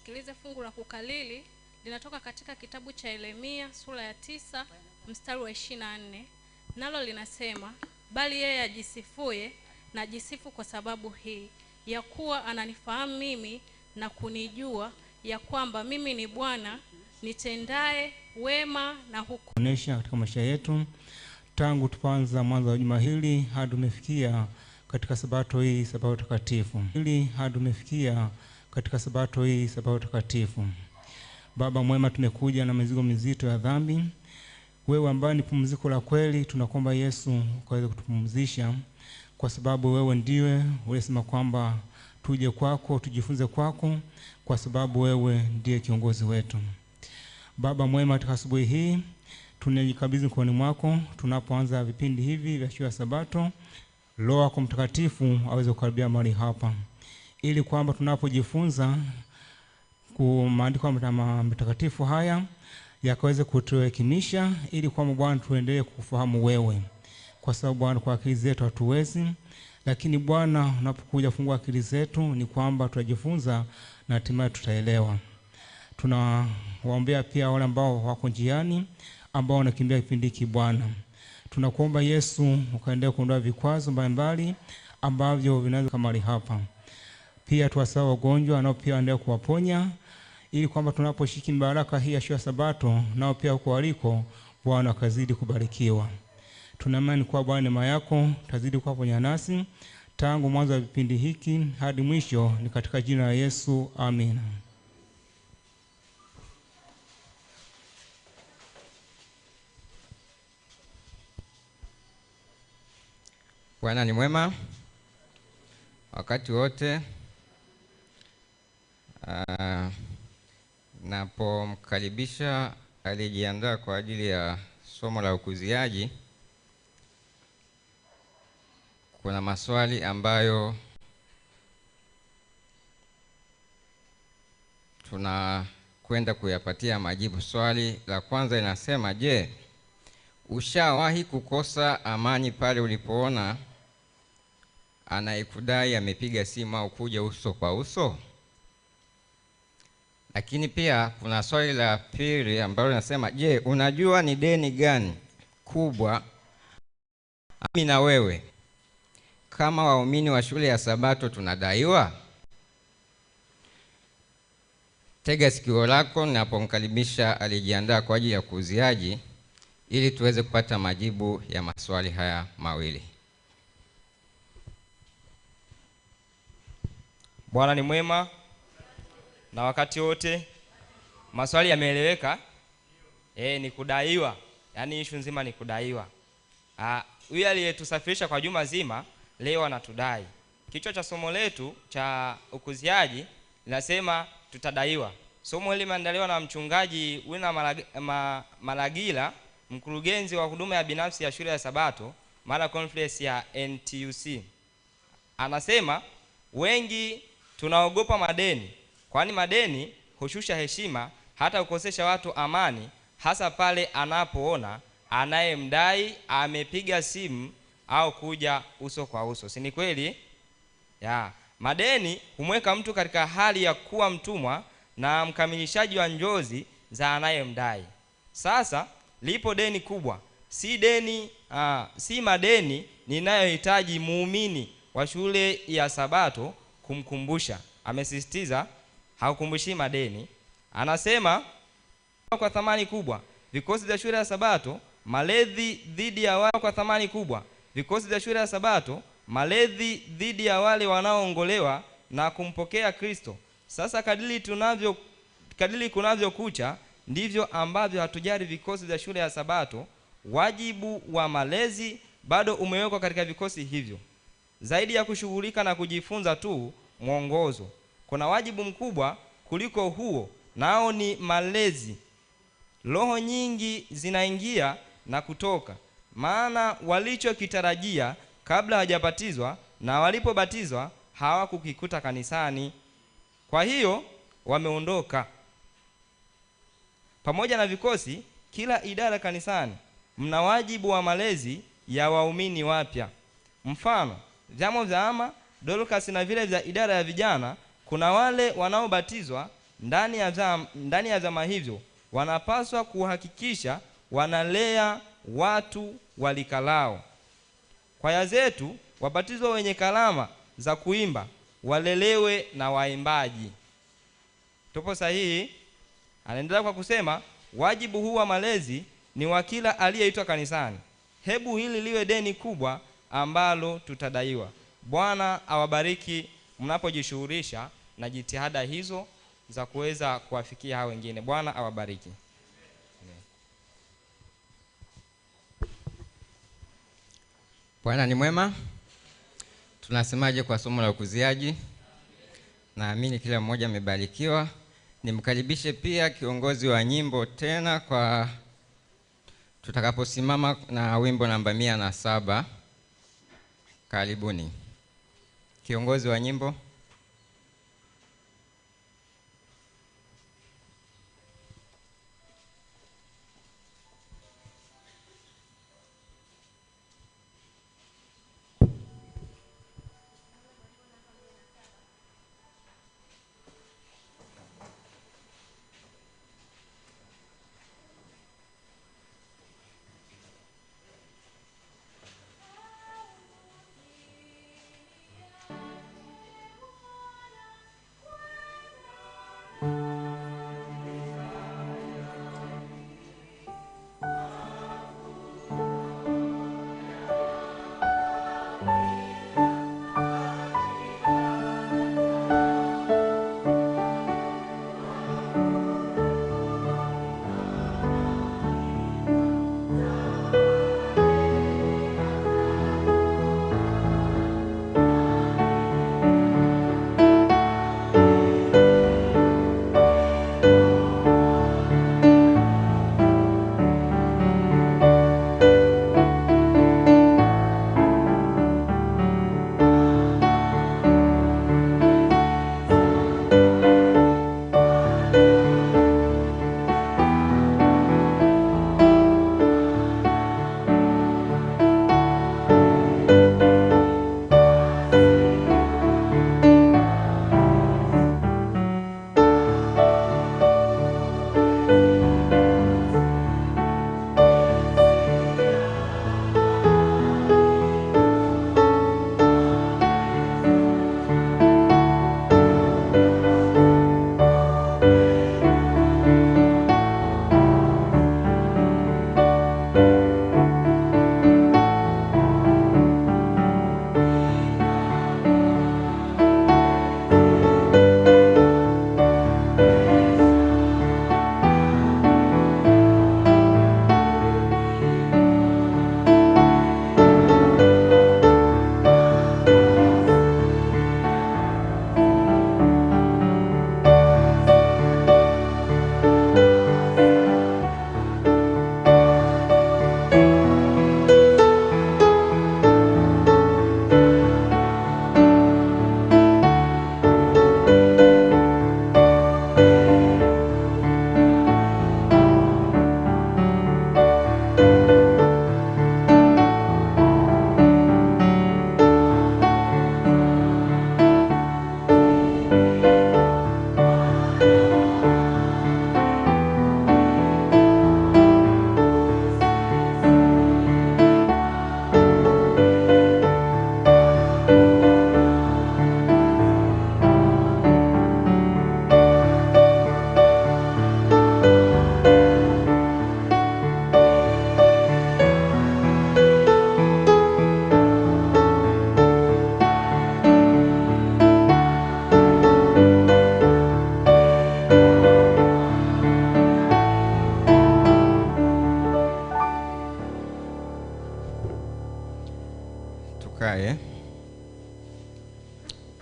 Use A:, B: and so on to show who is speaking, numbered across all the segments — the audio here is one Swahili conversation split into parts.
A: tusikilize fungu la kukalili linatoka katika kitabu cha Yeremia sura ya tisa mstari wa ishirini na nne nalo linasema, bali yeye ajisifuye na jisifu kwa sababu hii ya kuwa ananifahamu mimi na kunijua ya kwamba mimi ni Bwana nitendaye wema na hukuonesha katika maisha
B: yetu tangu tupanza mwanzo wa juma hili hadi umefikia katika sabato hii, sabato takatifu hili hadi umefikia katika sabato hii, sabato takatifu. Baba mwema, tumekuja na mizigo mizito ya dhambi, wewe ambaye ni pumziko la kweli, tunakuomba Yesu ukaweze kutupumzisha, kwa sababu wewe ndiwe uliyesema kwamba tuje kwako, tujifunze kwako, kwa sababu wewe ndiye kiongozi wetu. Baba mwema, katika asubuhi hii tunajikabidhi mikononi mwako, tunapoanza vipindi hivi vya shule ya Sabato, Roho yako Mtakatifu aweze kukaribia mahali hapa ili kwamba tunapojifunza ya matakatifu haya yakaweze kutuekimisha, ili kwamba Bwana tuendelee kufahamu wewe, kwa sababu Bwana kwa akili zetu hatuwezi, lakini Bwana unapokuja fungua akili zetu ni kwamba tutajifunza na hatimaye tutaelewa. Tunawaombea pia wale ambao wako njiani, ambao wanakimbia kipindi hiki Bwana, tunakuomba Yesu ukaendelea kuondoa vikwazo mbalimbali ambavyo vinaweza kamali hapa pia tuwasaa wagonjwa nao pia waendelee kuwaponya, ili kwamba tunaposhiki mbaraka hii ya shua Sabato nao pia huko waliko Bwana akazidi kubarikiwa. Tunaamini kuwa Bwana neema yako tazidi kuwa pamoja nasi tangu mwanzo wa vipindi hiki hadi mwisho, ni katika jina la Yesu, amina.
C: Bwana ni mwema wakati wote. Ah, napomkaribisha aliyejiandaa kwa ajili ya somo la ukuziaji, kuna maswali ambayo tunakwenda kuyapatia majibu. Swali la kwanza linasema, je, ushawahi kukosa amani pale ulipoona anayekudai amepiga simu au kuja uso kwa uso? Lakini pia kuna swali la pili ambalo linasema, je, unajua ni deni gani kubwa mimi na wewe kama waumini wa shule ya Sabato tunadaiwa? Tega sikio lako ninapomkaribisha alijiandaa kwa ajili ya kuuziaji, ili tuweze kupata majibu ya maswali haya mawili. Bwana ni mwema na wakati wote. Maswali yameeleweka? E, ni kudaiwa, yaani ishu nzima ni kudaiwa. Huyu aliyetusafirisha kwa juma zima leo anatudai. Kichwa cha somo letu cha ukuziaji linasema tutadaiwa. Somo hili limeandaliwa na mchungaji Wina Malag ma Malagila, mkurugenzi wa huduma ya binafsi ya shule ya Sabato mara conference ya NTUC. Anasema wengi tunaogopa madeni kwani madeni hushusha heshima, hata kukosesha watu amani, hasa pale anapoona anayemdai amepiga simu au kuja uso kwa uso. Si ni kweli? Ya, madeni humweka mtu katika hali ya kuwa mtumwa na mkamilishaji wa njozi za anayemdai. Sasa lipo deni kubwa, si deni aa, si madeni ninayohitaji muumini wa shule ya Sabato kumkumbusha, amesisitiza haukumbushii madeni. Anasema kwa thamani kubwa vikosi vya shule ya Sabato malezi dhidi ya wale kwa thamani kubwa vikosi vya shule ya Sabato malezi dhidi ya wale wanaoongolewa na kumpokea Kristo. Sasa kadili tunavyo kadili kunavyokucha ndivyo ambavyo hatujali vikosi vya shule ya Sabato. Wajibu wa malezi bado umewekwa katika vikosi hivyo, zaidi ya kushughulika na kujifunza tu mwongozo kuna wajibu mkubwa kuliko huo, nao ni malezi. Roho nyingi zinaingia na kutoka, maana walichokitarajia kabla hawajabatizwa na walipobatizwa hawakukikuta kanisani, kwa hiyo wameondoka. Pamoja na vikosi, kila idara kanisani mna wajibu wa malezi ya waumini wapya. Mfano, vyama vya ama, Dorcas na vile vya idara ya vijana kuna wale wanaobatizwa ndani ya zama, ndani ya zama hizo wanapaswa kuhakikisha wanalea watu walikalao. Kwaya zetu wabatizwa wenye kalama za kuimba walelewe na waimbaji. Tupo sahihi? Anaendelea kwa kusema, wajibu huu wa malezi ni wa kila aliyeitwa kanisani. Hebu hili liwe deni kubwa ambalo tutadaiwa. Bwana awabariki mnapojishughulisha na jitihada hizo za kuweza kuwafikia hao wengine. Bwana awabariki. Bwana ni mwema. Tunasemaje kwa somo la ukuziaji? Naamini kila mmoja amebarikiwa. Nimkaribishe pia kiongozi wa nyimbo tena kwa tutakaposimama na wimbo namba mia na saba. Karibuni kiongozi wa nyimbo.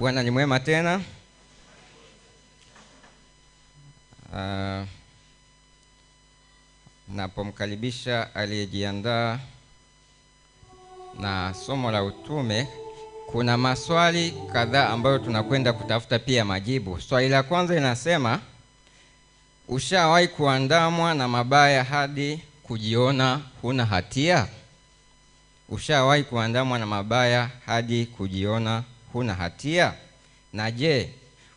C: Bwana ni mwema tena. Uh, napomkaribisha aliyejiandaa na somo la utume, kuna maswali kadhaa ambayo tunakwenda kutafuta pia majibu. Swali la kwanza inasema, ushawahi kuandamwa na mabaya hadi kujiona huna hatia? Ushawahi kuandamwa na mabaya hadi kujiona hakuna hatia? Na je,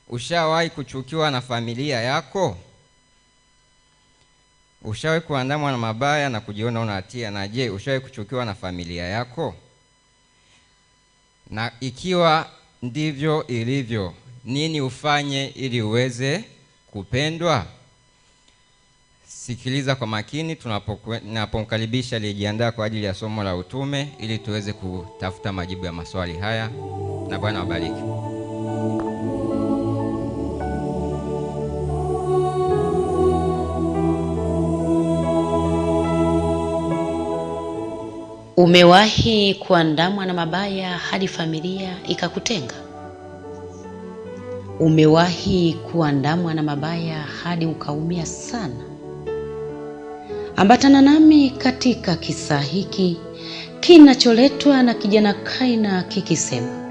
C: ushawahi kuchukiwa na familia yako? Ushawahi kuandamwa na mabaya na kujiona una hatia? Na je, ushawahi kuchukiwa na familia yako? Na ikiwa ndivyo ilivyo, nini ufanye ili uweze kupendwa? Sikiliza kwa makini tunapomkaribisha aliyejiandaa kwa ajili ya somo la utume, ili tuweze kutafuta majibu ya maswali haya na Bwana wabariki.
D: Umewahi kuandamwa na mabaya hadi familia ikakutenga? Umewahi kuandamwa na mabaya hadi ukaumia sana? Ambatana nami katika kisa hiki kinacholetwa na kijana Kaina kikisema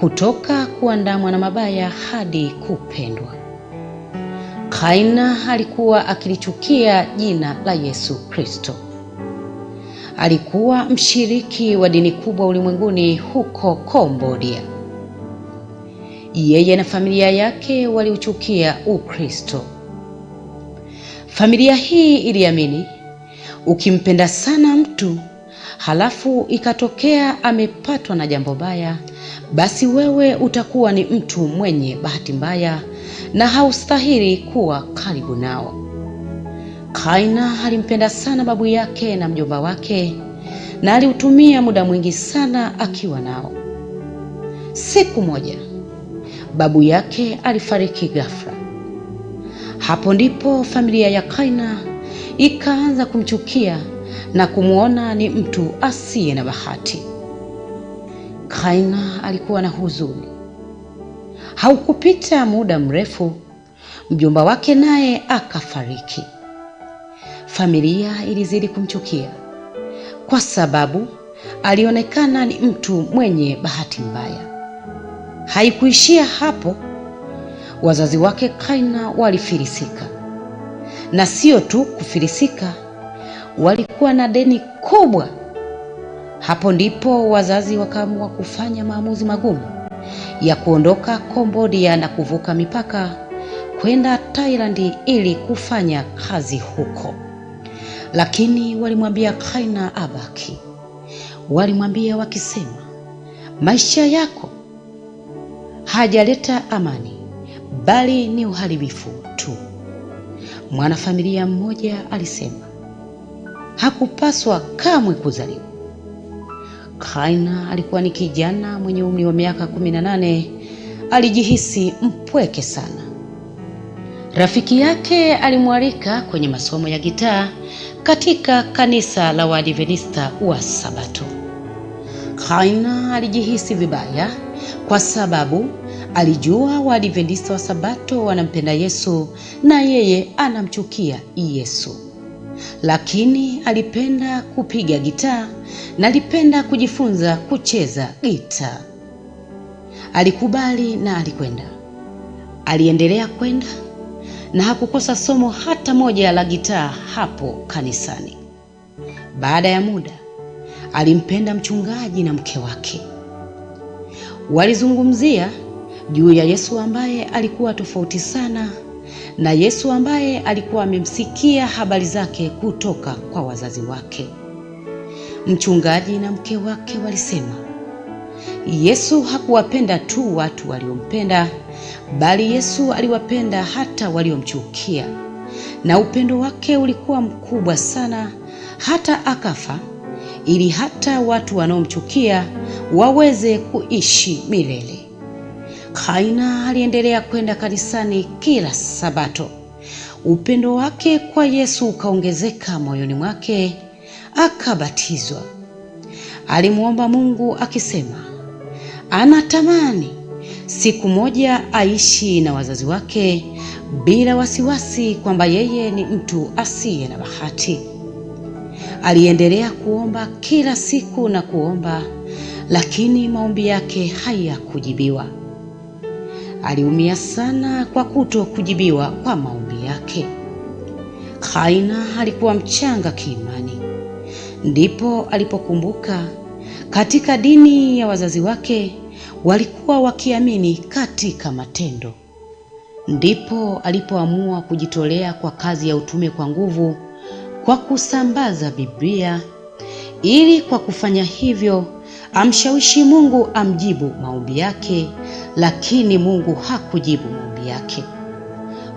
D: kutoka kuandamwa na mabaya hadi kupendwa. Kaina alikuwa akilichukia jina la Yesu Kristo. Alikuwa mshiriki wa dini kubwa ulimwenguni huko Kambodia. Yeye na familia yake waliuchukia Ukristo. Familia hii iliamini ukimpenda sana mtu halafu ikatokea amepatwa na jambo baya, basi wewe utakuwa ni mtu mwenye bahati mbaya na haustahili kuwa karibu nao. Kaina alimpenda sana babu yake na mjomba wake na aliutumia muda mwingi sana akiwa nao. Siku moja babu yake alifariki ghafla. Hapo ndipo familia ya Kaina ikaanza kumchukia na kumwona ni mtu asiye na bahati. Kaina alikuwa na huzuni. Haukupita muda mrefu, mjomba wake naye akafariki. Familia ilizidi kumchukia kwa sababu alionekana ni mtu mwenye bahati mbaya. Haikuishia hapo, wazazi wake Kaina walifilisika, na sio tu kufilisika walikuwa na deni kubwa. Hapo ndipo wazazi wakaamua kufanya maamuzi magumu ya kuondoka Kambodia na kuvuka mipaka kwenda Thailand ili kufanya kazi huko, lakini walimwambia Kaina abaki. Walimwambia wakisema, maisha yako hajaleta amani, bali ni uharibifu tu. Mwanafamilia mmoja alisema hakupaswa kamwe kuzaliwa. Kaina alikuwa ni kijana mwenye umri wa miaka 18 Alijihisi mpweke sana. Rafiki yake alimwalika kwenye masomo ya gitaa katika kanisa la Waadventista wa Sabato. Kaina alijihisi vibaya kwa sababu alijua Waadventista wa Sabato wanampenda Yesu na yeye anamchukia Yesu lakini alipenda kupiga gitaa na alipenda kujifunza kucheza gitaa. Alikubali na alikwenda, aliendelea kwenda na hakukosa somo hata moja la gitaa hapo kanisani. Baada ya muda, alimpenda mchungaji na mke wake. Walizungumzia juu ya Yesu ambaye alikuwa tofauti sana na Yesu ambaye alikuwa amemsikia habari zake kutoka kwa wazazi wake. Mchungaji na mke wake walisema Yesu hakuwapenda tu watu waliompenda, bali Yesu aliwapenda hata waliomchukia, na upendo wake ulikuwa mkubwa sana hata akafa ili hata watu wanaomchukia waweze kuishi milele. Kaina aliendelea kwenda kanisani kila Sabato. Upendo wake kwa Yesu ukaongezeka moyoni mwake, akabatizwa. Alimwomba Mungu akisema, anatamani siku moja aishi na wazazi wake bila wasiwasi kwamba yeye ni mtu asiye na bahati. Aliendelea kuomba kila siku na kuomba, lakini maombi yake hayakujibiwa aliumia sana kwa kuto kujibiwa kwa maombi yake. Kaina alikuwa mchanga kiimani, ndipo alipokumbuka katika dini ya wazazi wake walikuwa wakiamini katika matendo, ndipo alipoamua kujitolea kwa kazi ya utume kwa nguvu
C: kwa kusambaza Biblia ili kwa kufanya hivyo amshawishi Mungu amjibu maombi yake, lakini Mungu hakujibu maombi yake.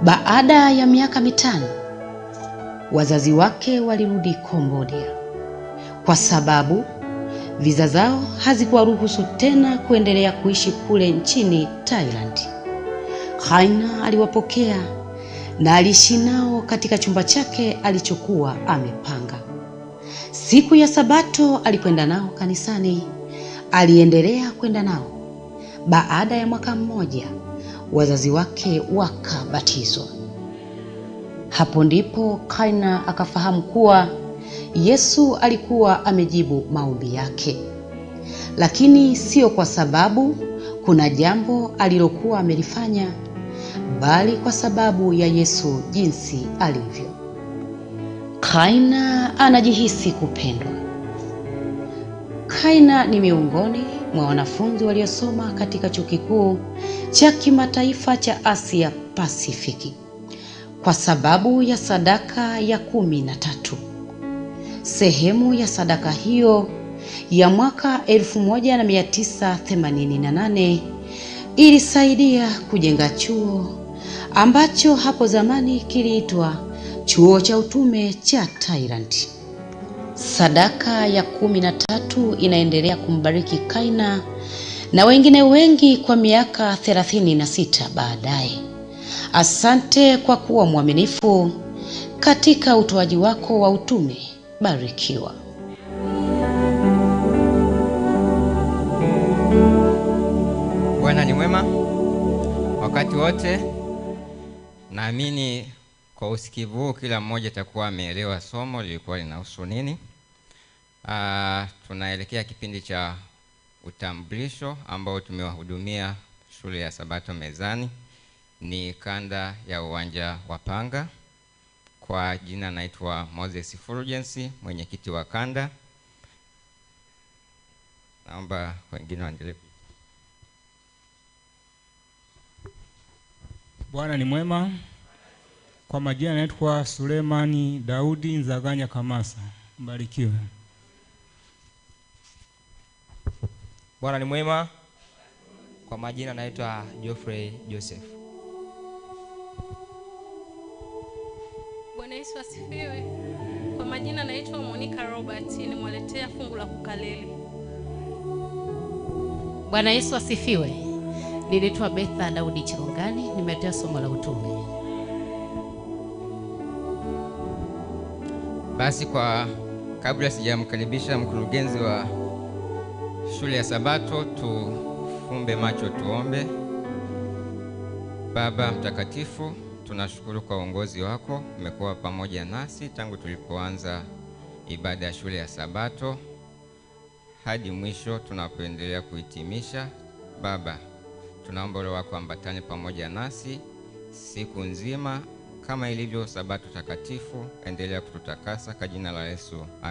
C: Baada ya miaka mitano, wazazi wake walirudi Kambodia kwa sababu viza zao hazikuwaruhusu tena kuendelea kuishi kule nchini Thailand.
E: haina aliwapokea na aliishi nao katika chumba chake alichokuwa amepanga. Siku ya Sabato alikwenda nao kanisani
C: Aliendelea kwenda nao. Baada ya mwaka mmoja, wazazi wake wakabatizwa.
F: Hapo ndipo Kaina akafahamu kuwa Yesu alikuwa amejibu maombi yake,
G: lakini sio kwa sababu kuna jambo alilokuwa amelifanya, bali kwa sababu ya Yesu jinsi alivyo.
H: Kaina anajihisi kupendwa. Haina ni miongoni mwa wanafunzi waliosoma katika chuo kikuu cha kimataifa cha Asia Pasifiki kwa sababu ya sadaka ya kumi na tatu. Sehemu ya sadaka hiyo ya mwaka 1988 ilisaidia kujenga chuo ambacho hapo zamani kiliitwa Chuo cha Utume cha Thailand. Sadaka ya kumi na tatu inaendelea kumbariki Kaina na wengine wengi kwa miaka thelathini na sita baadaye. Asante kwa kuwa mwaminifu katika utoaji wako wa utume. Barikiwa. Bwana ni mwema wakati wote. Naamini kwa usikivu huu kila mmoja atakuwa ameelewa somo lilikuwa linahusu nini. Aa, ah, tunaelekea kipindi cha utambulisho ambao tumewahudumia shule ya Sabato Mezani, ni kanda ya uwanja wa Panga. Kwa jina naitwa Moses Fulgence, mwenyekiti wa kanda. Naomba wengine waendelee. Bwana ni mwema. Kwa majina naitwa Sulemani Daudi Nzaganya Kamasa. Mbarikiwe. Bwana ni mwema. Kwa majina naitwa Geoffrey Joseph. Bwana Yesu asifiwe. Kwa majina naitwa Monica Robert, nimwaletea fungu la kukaleli. Bwana Yesu asifiwe. Ninaitwa Betha Daudi Chirongani, nimeletea somo la utume. Basi kwa kabla sijamkaribisha mkurugenzi wa shule ya Sabato, tufumbe macho tuombe. Baba Mtakatifu, tunashukuru kwa uongozi wako, umekuwa pamoja nasi tangu tulipoanza ibada ya shule ya Sabato hadi mwisho tunapoendelea kuhitimisha. Baba, tunaomba Roho wako ambatane pamoja nasi siku nzima kama ilivyo Sabato takatifu, endelea kututakasa kwa jina la Yesu.